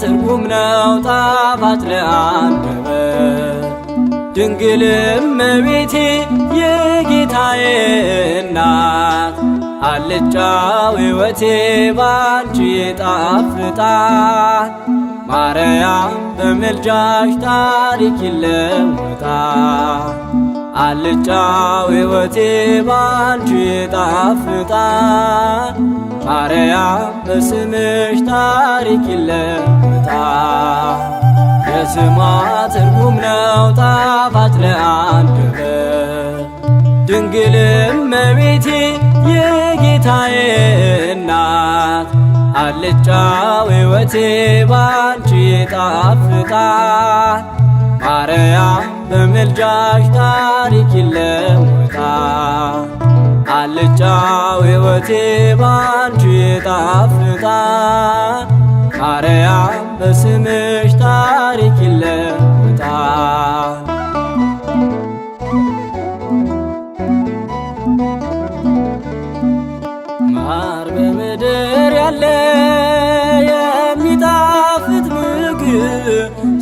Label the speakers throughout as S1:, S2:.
S1: ትርጉም ነው ጣፋጭ ለአንደበት። ድንግል እመቤቴ የጌታዬ እናት አልጫው ሕይወቴ ባንቺ ይጣፍጣል። ማርያም በምልጃሽ ታሪክ ይለወጣል። አልጫው ሕይወቴ ባንቺ ይጣፍጣል። ማርያም በስምሽ ታሪክ ይለወጣ የስሟ ትርጉም ነው ጣፋጭ ለአንደበት። ድንግልም መቤቴ የጌታዬ እናት አልጫው ሕይወቴ ባንቺ ይጣፍጣል። ማርያም በምልጃሽ ታሪክ ይለወጣ አልጫው ሕይወቴ ባንቺ ጣፍጣል አርያም በስምሽ ታሪክ ይለወጣል። ማር በምድር ያለ የሚጣፍጥ ምግብ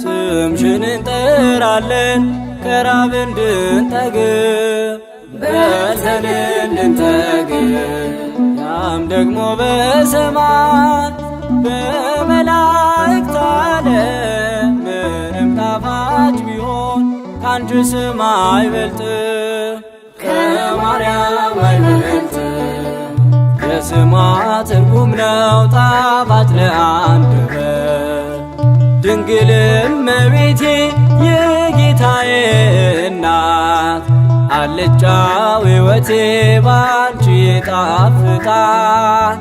S1: ስምሽን እንጠራለን ከራብ እንድንጠግብ
S2: እንድንተግል
S1: ያም ደግሞ በሰማት በመላእክት ዓለም ምንም ጣፋጭ ቢሆን ከአንቺ ስም አይበልጥ
S2: ከማርያም አይበልጥ
S1: የስሟ ትርጉም ነው ጣፋጭ ለአንደበት ድንግልም መቤቴ አልጫው ሕይወቴ ባንቺ ይጣፍጣል።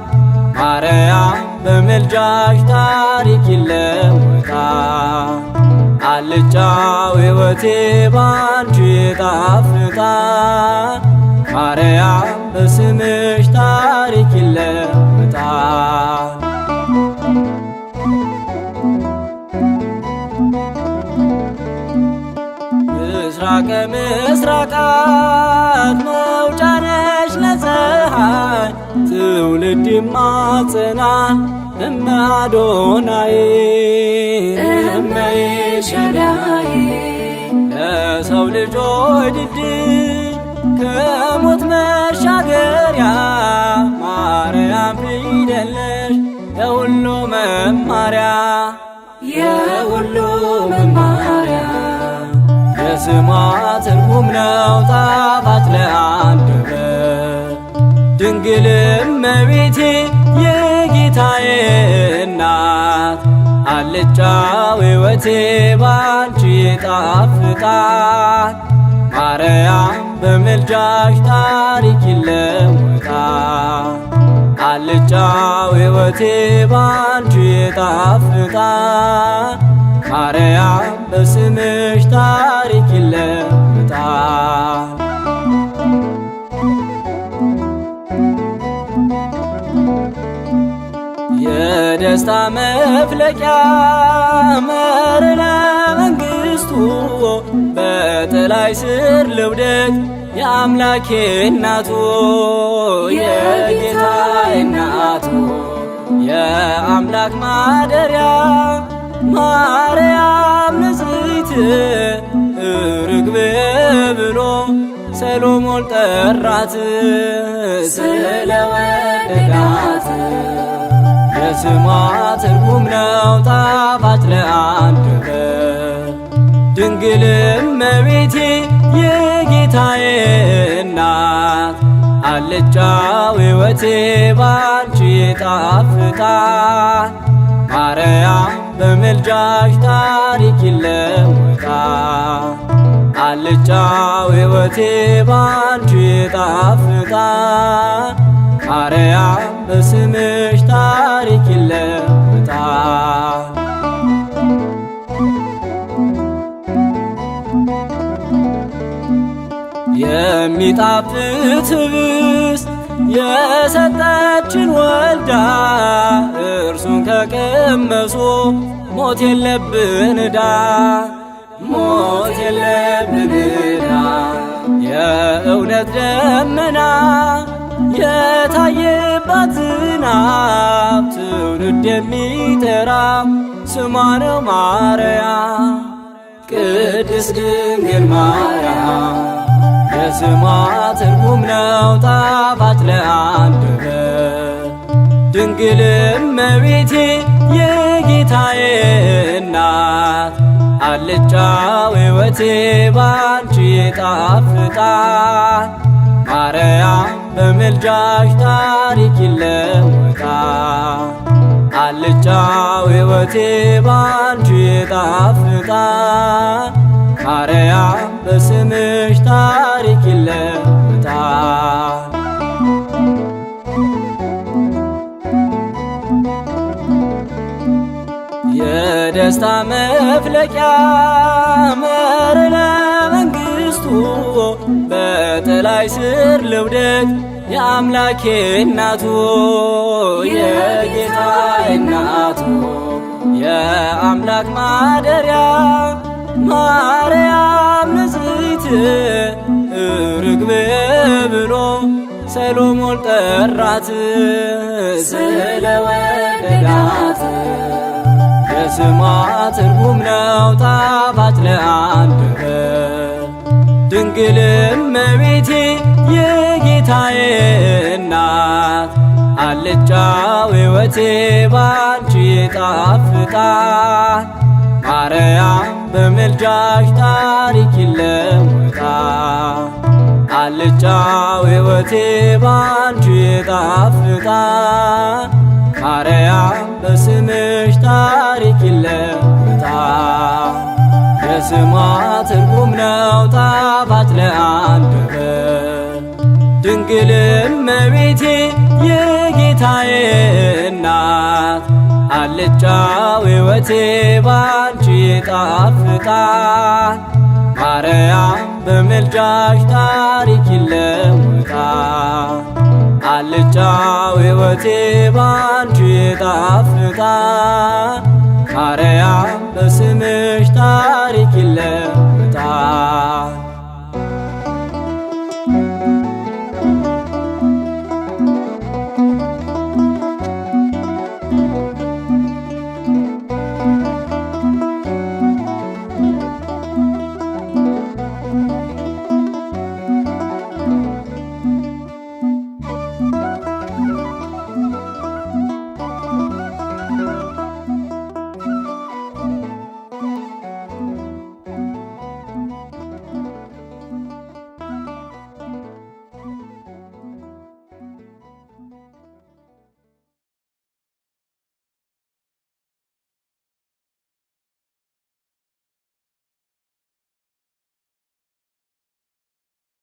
S1: ማርያም በምልጃሽ ታሪክ ይለወጣል። አልጫው ሕይወቴ ባንቺ ይጣፍጣል። ማርያም በስምሽ ታሪክ ይለወጣል። ምስራቀ ምስራቃት መውጫ ነሽ ለፀሐይ ትውልድ ይማጽናል እመ አዶናዬ
S2: እመ ሸዳይ
S1: ለሰው ልጆች ድልድይ ከሞት መሻገሪያ ማርያም ፊደለሽ ለሁሉ መማሪያ ስሟ ትርጉም ነው ጣፋት ለአንደበት። ድንግልም እመቤቴ የጌታዬ እናት አልጫው ሕይወቴ ባንቺ ይጣፍጣል። ማርያም በምልጃሽ ታሪክ ይለወጣል። አልጫው ሕይወቴ ባንቺ ይጣፍጣል። ማርያም በስምሽ ታሪክ ይለወጣል። የደስታ መፍለቂያ መረላ መንግስቱ በጥላይ ስር ልውደት የአምላኬ እናቱ
S2: የጌታ እናቱ
S1: የአምላክ ማደሪያ ማርያም ንጽሕት ርግቤ ብሎ ሰሎሞን ጠራት።
S2: ስለወደዳት
S1: የስሟ ትርጉም ነው ጣፋጭ ለአንደበት። ድንግልም መቤቴ የጌታዬ እናት አልጫው ሕይወቴ ባንቺ ይጣፍጣል ማርያም በምልጃሽ ታሪክ ይለወጣል። አልጫው ሕይወቴ ባንቺ ይጣፍጣል። ማርያም በስምሽ ታሪክ ይለወጣል። የሚጣፍጥ የሰጠችን ወልዳ እርሱን ከቀመሱ ሞት የለብን ዳ
S2: ሞት የለብን ዳ
S1: የእውነት ደመና የታየባት ዝናብ ትውልድ የሚጠራ ስሟ ነው ማርያም
S2: ቅድስት ድንግል ማርያም
S1: የስሟ ትርጉም ነው ጣፋጭ ለአንደበት። ድንግልም መቤቴ የጌታዬ እናት አልጫው ሕይወቴ ባንቺ ይጣፍጣል። ማርያም በምልጃሽ ታሪክ ይለወጣል። አልጫው ሕይወቴ ባንቺ ይጣፍጣል ማርያም በስምሽ ታሪክ ይለወጣል። የደስታ መፍለቂያ መር ለመንግሥቱ በጥላይ ስር ልውደት የአምላኬ እናቱ
S2: የጌታ እናቱ
S1: የአምላክ ማደሪያ ማርያም ንጽሕት ርግቤ ብሎ ሰሎሞን ጠራት።
S2: ስለወደዳት
S1: የስሟ ትርጉም ነው ጣፋጭ ለአንደበት። ድንግልም እመቤቴ የጌታዬ እናት አልጫው ሕይወቴ ባንቺ ይጣፍጣል ማርያም በምልጃሽ ታሪክ ይለወጣ አልጫው ሕይወቴ ባንቺ ጣፍጣ ማርያም በስምሽ ታሪክ ይለወጣ የስሟ ትርጉም ነው ጣፋጭ ለአንደበት ድንግል እመቤቴ የጌታዬ እናት አልጫው ሕይወቴ ባንቺ ይጣፍጣል። ማርያም በምልጃሽ ታሪክ ይለውጣል። አልጫው ሕይወቴ ባንቺ ይጣፍጣል። ማርያም በስምሽ ታሪክ ይለ